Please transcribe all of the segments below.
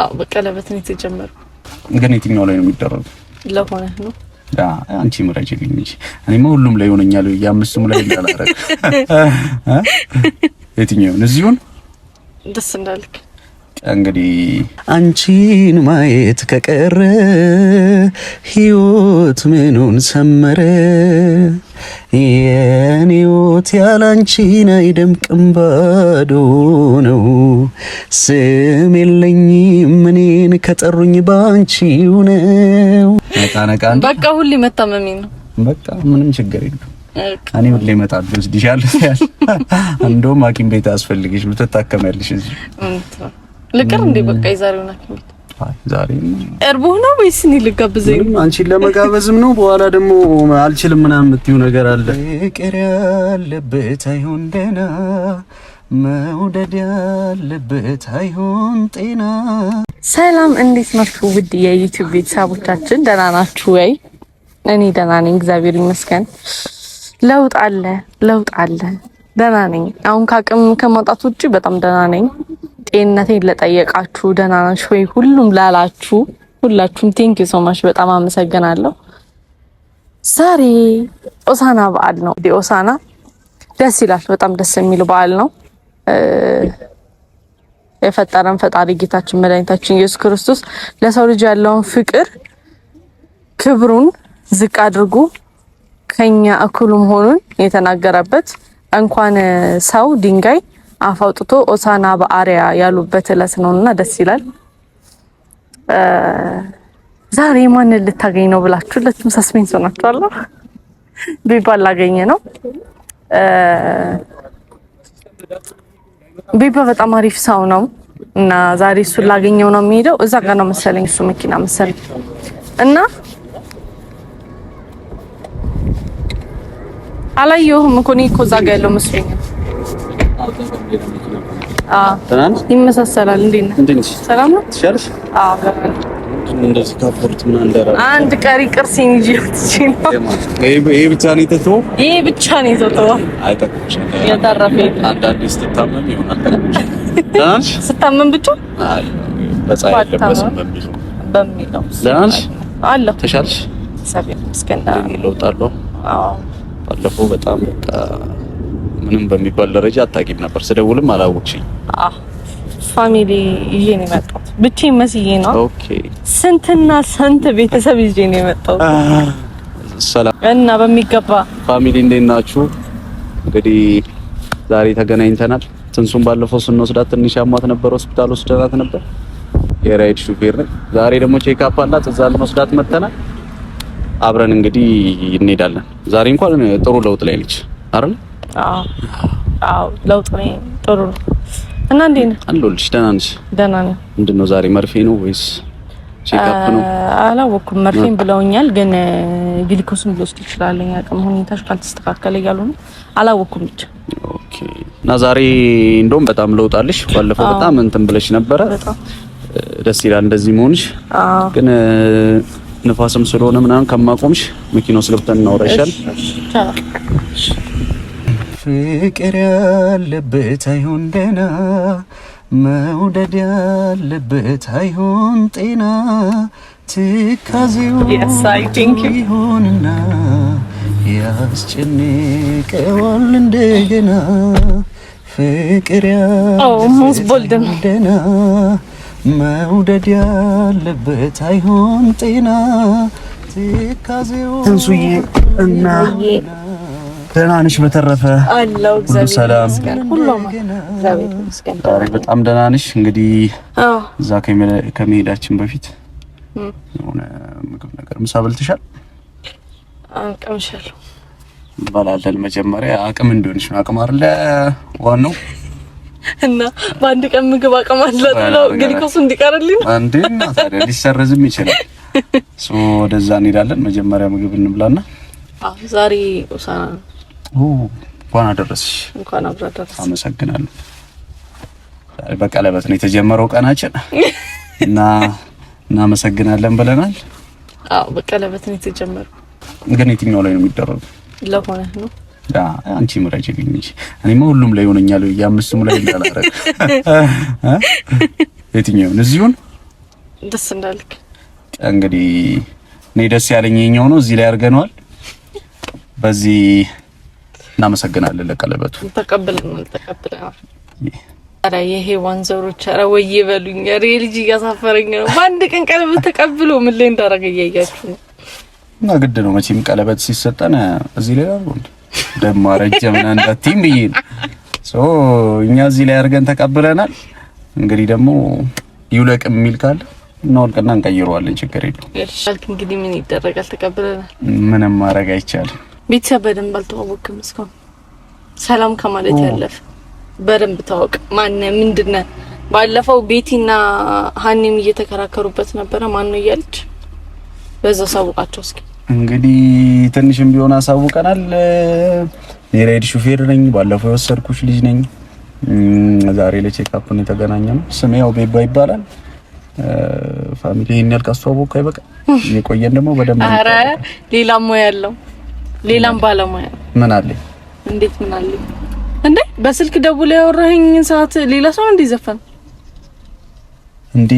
አዎ በቀለበት ነው የተጀመረው። ግን የትኛው ላይ ነው የሚደረገው? ለሆነ ነው አንቺ ምረጭልኝ እንጂ እኔማ ሁሉም ላይ ሆነኛል። የአምስቱም ላይ እንዳላረግ የትኛውን እዚሁን ደስ እንዳልክ እንግዲህ አንቺን ማየት ከቀረ ህይወት ምኑን ሰመረ የኔ ሕይወት ያላንቺን አይደምቅም፣ ባዶ ነው። ስም የለኝም እኔን ከጠሩኝ ባንቺው ነው። ነቃ ነቃ በቃ ሁሌ መታመሜ ነው። በቃ ምንም ችግር የለም። እኔ ሁሌ እመጣለሁ ወስድሻለሁ። እንደውም ሐኪም ቤት አያስፈልግሽም፣ ትታከሚያለሽ እዚህ። ልቅር እንዴ በቃ የዛሬውን ሐኪም ቤት ዛሬ እርቦ ነው ወይስ እኔ ልጋብዘኝ? አንቺን ለመጋበዝም ነው። በኋላ ደግሞ አልችልም ምናምን የምትይው ነገር አለ። ፍቅር ያለበት አይሆን ደህና፣ መውደድ ያለበት አይሆን ጤና። ሰላም እንዴት ናችሁ? ውድ የዩቲዩብ ቤተሰቦቻችን ደህና ናችሁ ወይ? እኔ ደህና ነኝ፣ እግዚአብሔር ይመስገን። ለውጥ አለ፣ ለውጥ አለ። ደህና ነኝ። አሁን ከአቅም ከማጣት ውጭ በጣም ደህና ነኝ። ጤንነቴን ለጠየቃችሁ ደህና ወይ ሁሉም ላላችሁ ሁላችሁም ቴንክ ዩ ሶማች በጣም አመሰግናለሁ። ዛሬ ኦሳና በዓል ነው። ኦሳና ደስ ይላል። በጣም ደስ የሚል በዓል ነው። የፈጠረን ፈጣሪ ጌታችን መድኃኒታችን ኢየሱስ ክርስቶስ ለሰው ልጅ ያለውን ፍቅር ክብሩን ዝቅ አድርጎ ከኛ እኩሉ መሆኑን የተናገረበት እንኳን ሰው ድንጋይ አፋውጥቶ ኦሳና በአሪያ ያሉበት እለት ነውና ደስ ይላል። ዛሬ ማንን ልታገኝ ነው ብላችሁ ሁለቱም ሰስፔንስ ሆናችኋል። ቢባ ላገኘ ነው። ቢባ በጣም አሪፍ ሰው ነው እና ዛሬ እሱን ላገኘው ነው የሚሄደው። እዛ ጋር ነው መሰለኝ እሱ መኪና መሰለኝ እና አላየሁም እኮ እኔ እኮ እዛ ጋር ያለው መስሎኛል። ይመሳሰላል። ሰላም ነው። አንድ ቀሪ ቅርስ ይሄ ብቻ ነው የተተወው። ይሄ ብቻ ነው የተተወው። ስታመም ብቻ ተሻልሽ? ባለፈው በጣም ምንም በሚባል ደረጃ አታውቂም ነበር። ስደውልም አላወቅሽኝ። ፋሚሊ ይዤ ነው የመጣሁት። ብቻዬን መስዬ ነው። ኦኬ። ስንትና ስንት ቤተሰብ ይዤ ነው የመጣሁት። ሰላም እና በሚገባ ፋሚሊ፣ እንዴት ናችሁ? እንግዲህ ዛሬ ተገናኝተናል። ትንሱን ባለፈው ስንወስዳት ትንሽ ያሟት ነበር፣ ሆስፒታል ወስደናት ነበር። የራይድ ሹፌር ነኝ። ዛሬ ደግሞ አፕ አላት፣ እዛ ልንወስዳት መተናል። አብረን እንግዲህ እንሄዳለን። ዛሬ እንኳን ጥሩ ለውጥ ላይ ነች አይደል? አዎ አዎ፣ ለውጥ ነው፣ ጥሩ ነው። እና እንዴት ነህ? አለሁልሽ። ደህና ነሽ? ደህና ነኝ። ምንድን ነው ዛሬ መርፌ ነው ወይስ አላወኩም። መርፌን ብለውኛል፣ ግን ግሊኮስን ልወስድ እችላለሁ አቅም ሁኔታሽ ካልተስተካከለ እያሉ ነው። አላወኩም ብቻ። እና ዛሬ እንደውም በጣም ለውጥ አለሽ። ባለፈው በጣም እንትን ብለሽ ነበረ። ደስ ይላል እንደዚህ መሆንሽ። ግን ንፋስም ስለሆነ ምናምን ከማቆምሽ መኪና ውስጥ ገብተን እናወራ ይሻላል። ፍቅር ያለበት አይሆን ደና መውደድ ያለበት አይሆን ጤና ትካዜው ይሆንና ያስጨንቀዋል እንደገና ፍቅር oh, ያለበትደና መውደድ ያለበት አይሆን ጤና ትካዜው እና ደህና ነሽ? በተረፈ አለው ሰላም፣ በጣም ደህና ነሽ? እንግዲህ እዛ ከመሄዳችን በፊት የሆነ ምግብ ነገር ምሳ በልተሻል? ቀምሻለሁ። እንበላለን መጀመሪያ አቅም እንዲሆንሽ ነው። አቅም አይደለ ዋናው እና በአንድ ቀን ምግብ አቅም አላት ነው። ግሊኮስ እንዲቀርልኝ አንዴ እና ታዲያ ሊሰረዝም ይችላል። ሶ ወደዛ እንሄዳለን። መጀመሪያ ምግብ እንብላና ዛሬ ሆሳዕና ነው እንኳን አደረስሽ። እንኳን አብራ ደረስሽ። አመሰግናለሁ። በቀለበት ነው የተጀመረው ቀናችን እና እናመሰግናለን ብለናል። አዎ በቀለበት ነው የተጀመረው። ግን የትኛው ላይ ነው የሚደረገው? ለሆነ ነው አንቺ ምረጭልኝ። እኔማ ሁሉም ላይ ሆነኛል። የአምስቱም ላይ እንዳላረግ የትኛውን እዚሁን ደስ እንዳልክ እንግዲህ እኔ ደስ ያለኝ የኛው ነው። እዚህ ላይ አድርገነዋል በዚህ እናመሰግናለን። ለቀለበቱ ተቀብለናል ተቀብለናል። ኧረ የሔዋን ዘሮች ኧረ ወይ ይበሉኝ። ኧረ የልጅ እያሳፈረኝ ነው። በአንድ ቀን ቀለበት ተቀብሎ ምን ላይ እንዳደረገ እያያችሁ እና ግድ ነው መቼም ቀለበት ሲሰጠን እዚህ ላይ ነው ደሞ አረጀ ምን እንዳትይም ብዬ ነው ሶ እኛ እዚህ ላይ አድርገን ተቀብለናል። እንግዲህ ደግሞ ይውለቅ የሚል ካለ እናወልቅና እንቀይረዋለን። ችግር የለውም። እሺ እንግዲህ ምን ይደረጋል? ተቀብለናል። ምንም ማድረግ አይቻልም። ቤተሰብ በደንብ አልተዋወቅም እስካሁን። ሰላም ከማለት ያለፍ በደንብ ታወቅ ማነ ምንድነ። ባለፈው ቤቲና ሀኒም እየተከራከሩበት ነበረ። ማን ነው እያለች በዛ ሳውቃቸው እስኪ እንግዲህ ትንሽም ቢሆን አሳውቀናል። የራይድ ሹፌር ነኝ፣ ባለፈው የወሰድኩሽ ልጅ ነኝ። ዛሬ ለቼክአፕ ነው የተገናኘ ነው ስሜ ያው ቤባ ይባላል። ፋሚሊ ይሄን ያልክ አስተዋወቅኩ አይበቃ። የቆየን ደግሞ በደንብ ኧረ ሌላም ያለው ሌላም ባለሙያ ምን አለ? እንዴት ምን አለ እንዴ? በስልክ ደውላ ያወራኸኝ ሰዓት ሌላ ሰው እንዴ ዘፈን እንዴ?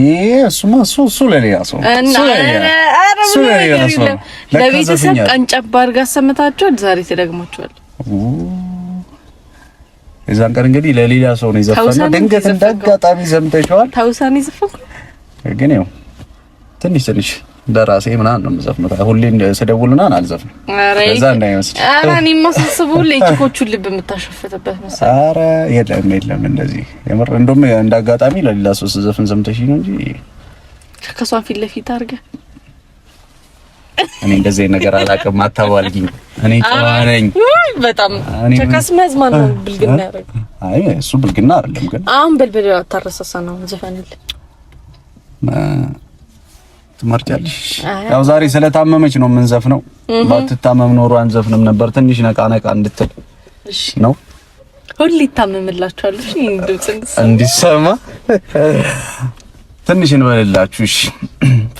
እሱማ እሱ እሱ ለሌላ ሰው ለቤተሰብ ቀንጨባ አድርጋ አሰምታችኋል። ዛሬ ተደግማችኋል። የዛን ቀን እንግዲህ ለሌላ ሰው ነው የዘፈነው። ድንገት እንዳጋጣሚ ዘምተሽዋል። ታውሳኔ ዘፈንኩ ግን ያው ትንሽ ትንሽ ደራሴ ምናምን ነው የምዘፍነው። ሁሌ ስደውልና አልዘፍንም። እዛ እንዳይመስል። ኧረ እኔማ ሳስበው ሁሌ ልብ የምታሸፍትበት መሰለኝ። የለም እንደዚህ የምር እንደውም እንዳጋጣሚ ለሌላ ሰው ስዘፍን ዘምተሽ ነው እንጂ ከሷ ፊት ለፊት አድርገህ እኔ እንደዚህ ነገር አላውቅም። አታባልኝ። እኔ ጨዋ ነኝ በጣም ቸካስ መዝማን ነው ብልግና ያደረገው። አይ እሱ ብልግና አይደለም፣ ግን አሁን በልበል አታረሳሳ ነው ዘፈንል ትመርጫለሽ? ያው ዛሬ ስለታመመች ነው የምንዘፍነው። ባትታመም ኖሮ አንዘፍንም ነበር። ትንሽ ነቃ ነቃ እንድትል ነው። ሁሌ ይታመምላችኋል። እሺ፣ እንዲሰማ ትንሽ እንበልላችሁ። እሺ፣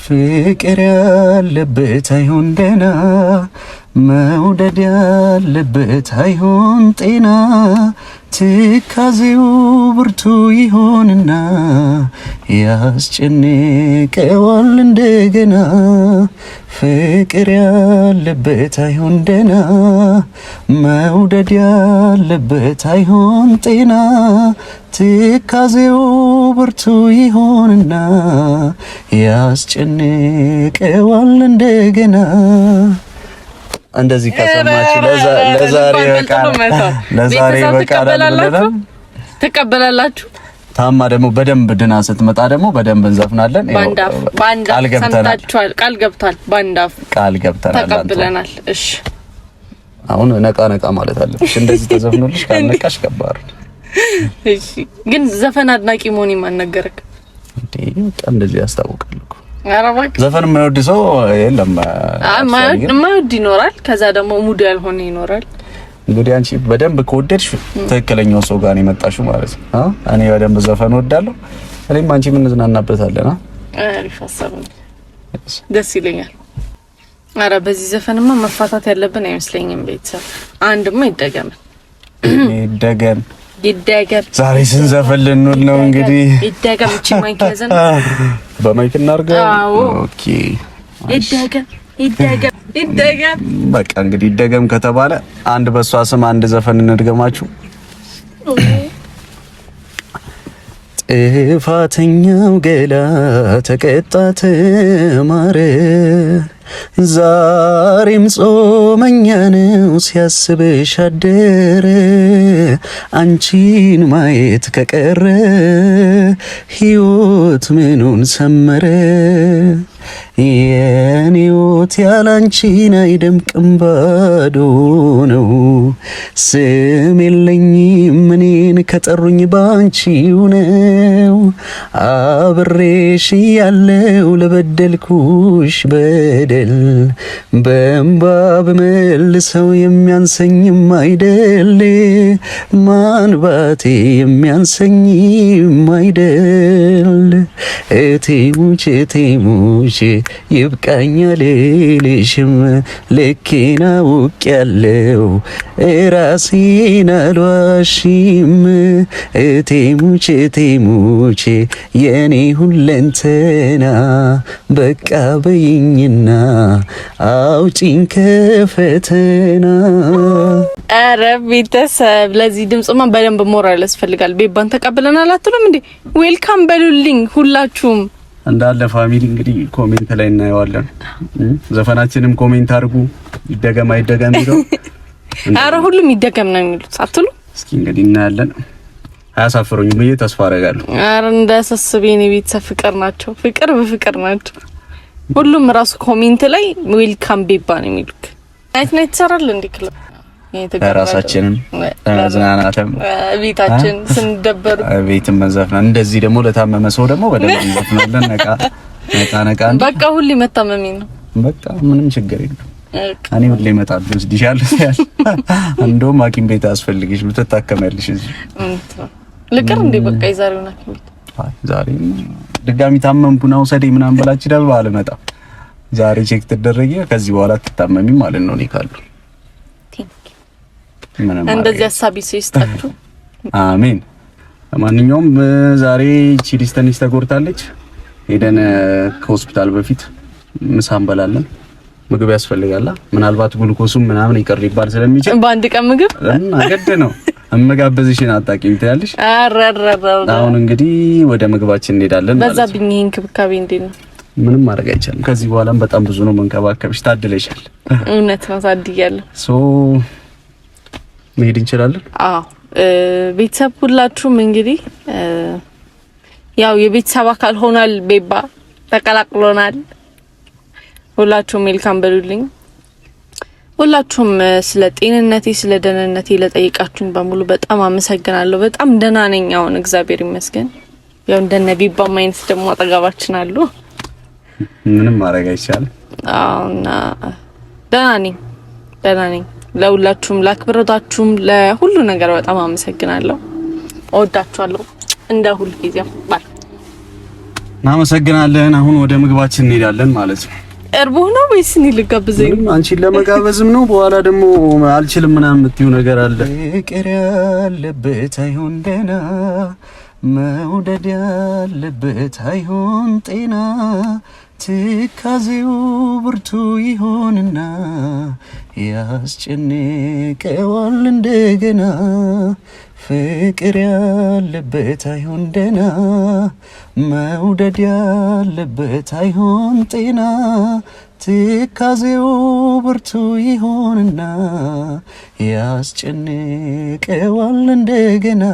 ፍቅር ያለበት አይሆን ደህና መውደድ ያለበት አይሆን ጤና ትካዜው ብርቱ ይሆንና ያስጨንቀዋል እንደገና። ፍቅር ያለበት አይሆን ደና መውደድ ያለበት አይሆን ጤና ትካዜው ብርቱ ይሆንና ያስጨንቀዋል እንደገና። እንደዚህ ከሰማችሁ ለዛሬ በቃ ለዛሬ በቃ ተቀበላላችሁ። ታማ ደግሞ በደንብ ድና ስትመጣ ደግሞ በደንብ እንዘፍናለን። ባንዳፍ ባንዳፍ ሰምታችኋል። ቃል ገብቷል። ባንዳፍ ቃል ገብተናል፣ ተቀብለናል። እሺ አሁን ነቃ ነቃ ማለት አለብሽ። እንደዚህ ተዘፍኖልሽ ካልነቃሽ ከባድ። እሺ ግን ዘፈን አድናቂ መሆኔ ማን ነገረክ? እንደዚህ ያስታውቃል። ዘፈን የማይወድ ሰው የለም። የማይወድ ይኖራል፣ ከዛ ደግሞ ሙድ ያልሆነ ይኖራል። እንግዲህ አንቺ በደንብ ከወደድሽ ትክክለኛው ሰው ጋር ነው የመጣሽው ማለት ነው። እኔ በደንብ ዘፈን ወዳለሁ፣ እኔም አንቺ የምንዝናናበታለን። አሪፍ ሀሳብ ነው፣ ደስ ይለኛል። አረ በዚህ ዘፈንማ መፋታት ያለብን አይመስለኝም። ቤተሰብ አንድማ ይደገመን ይደገም ይደገም ዛሬ ስንዘፈን ልንውል ነው እንግዲህ። ይደገም እቺ ማይክ ያዘን በማይክ እናድርገው። ኦኬ ይደገም ይደገም ይደገም። በቃ እንግዲህ ይደገም ከተባለ አንድ በሷ ስም አንድ ዘፈን እንድገማችሁ። ጥፋተኛው ገላ ተቀጣ ተማረ። ዛሬም ጾመኛ ነው ሲያስብሽ አደረ። አንቺን ማየት ከቀረ ሕይወት ምኑን ሰመረ? የኔዎት ያላንቺን አይደምቅም፣ ባዶ ነው። ስም የለኝም እኔን ከጠሩኝ ባንቺው ነው። አብሬሽ ያለው ለበደልኩሽ በደል በእንባ ብመልሰው የሚያንሰኝም አይደል ማንባቴ የሚያንሰኝም አይደል እቴሙች እቴሙች ይብቃኛ ልሽም ልኬና ውቅ ያለው ራሴን አልዋሽም እቴሙች እቴሙች የኔ ሁለንተና በቃ በይኝና አውጪኝ ከፈተና። ኧረ ቤተሰብ ለዚህ ድምፅማ በደንብ ሞራል ያስፈልጋል። ቤባን ተቀብለናል አትሉም እንዴ? ዌልካም በሉልኝ ሁላችሁ ሁላችሁም እንዳለ ፋሚሊ እንግዲህ ኮሜንት ላይ እናየዋለን። ዘፈናችንም ኮሜንት አድርጉ። ይደገም አይደገም ይለው። አረ ሁሉም ይደገም ነው የሚሉት አትሉ። እስኪ እንግዲህ እናያለን። አያሳፍሩኝም ብዬ ተስፋ አደርጋለሁ። አረ እንዳያሳስበኝ፣ ቤተሰብ ፍቅር ናቸው። ፍቅር በፍቅር ናቸው። ሁሉም ራሱ ኮሜንት ላይ ዌልካም ቤባ ነው የሚሉት። ናይት ናይት ይሰራል እንዴ ክለብ ራሳችንን ለመዝናናትም ቤታችን ስንደበር ቤትም መዘፍና እንደዚህ ደግሞ ለታመመ ሰው ደግሞ በደንብ እንዘፍናለን። ነቃ ነቃ ነቃ በቃ ሁሌ መታመሜ ነው። በቃ ምንም ችግር የለም። እኔ ሁሌ እመጣለሁ ወስድሻለሁ። እንደውም ሐኪም ቤት አስፈልግሽ ልትታከሚያለሽ እዚህ ልቅር እንዴ በቃ የዛሬውን ሐኪም ቤት ዛሬ ድጋሚ ነው ውሰዴ ምናምን ብላችሁ ይችላል ባልመጣ ዛሬ ቼክ ትደረጊ ከዚህ በኋላ ትታመሚ ማለት ነው እኔ ካሉ እንደዚህ ሀሳብ ይስጣችሁ። አሜን። ማንኛውም ዛሬ እቺ ዲስተንስ ተጎድታለች። ሄደን ከሆስፒታል በፊት ምሳ እንበላለን። ምግብ ያስፈልጋል። ምናልባት ጉልኮሱም ምናምን ይቀር ሊባል ስለሚችል በአንድ ቀን ምግብ እና ነው እመጋበዝሽን አጣቂም ትያለሽ። አሁን እንግዲህ ወደ ምግባችን እንሄዳለን። በዛብኝ ይሄን ክብካቤ እንዴት ነው? ምንም ማድረግ አይቻልም። ከዚህ በኋላም በጣም ብዙ ነው መንከባከብሽ። ታድለሻል። እውነት ነው ታድያለሁ። ሶ መሄድ እንችላለን። አዎ ቤተሰብ ሁላችሁም እንግዲህ ያው የቤተሰብ አካል ሆኗል። ቤባ ተቀላቅሎናል። ሁላችሁም ሜልካም በሉልኝ። ሁላችሁም ስለ ጤንነቴ፣ ስለ ደህንነቴ ለጠይቃችሁኝ በሙሉ በጣም አመሰግናለሁ። በጣም ደህና ነኝ አሁን እግዚአብሔር ይመስገን። ያው እንደነ ቢባ አይነት ደግሞ አጠገባችን አሉ። ምንም ማድረግ አይቻልም። አዎ እና ደህና ነኝ፣ ደህና ነኝ። ለሁላችሁም ለአክብረታችሁም ለሁሉ ነገር በጣም አመሰግናለሁ። እወዳችኋለሁ። እንደ ሁል ጊዜ ባል እናመሰግናለን። አሁን ወደ ምግባችን እንሄዳለን ማለት ነው። እርቦ ነው ወይስ እኔ ልጋብዘኝ? አንቺን ለመጋበዝም ነው። በኋላ ደግሞ አልችልም ምናምን የምትይው ነገር አለ። ፍቅር ያለበት አይሆን ደህና፣ መውደድ ያለበት አይሆን ጤና ትካዜው ብርቱ ይሆንና ያስጨንቀዋል እንደገና። ፍቅር ያለበት አይሆን ደና፣ መውደድ ያለበት አይሆን ጤና። ትካዜው ብርቱ ይሆንና ያስጨንቀዋል እንደገና።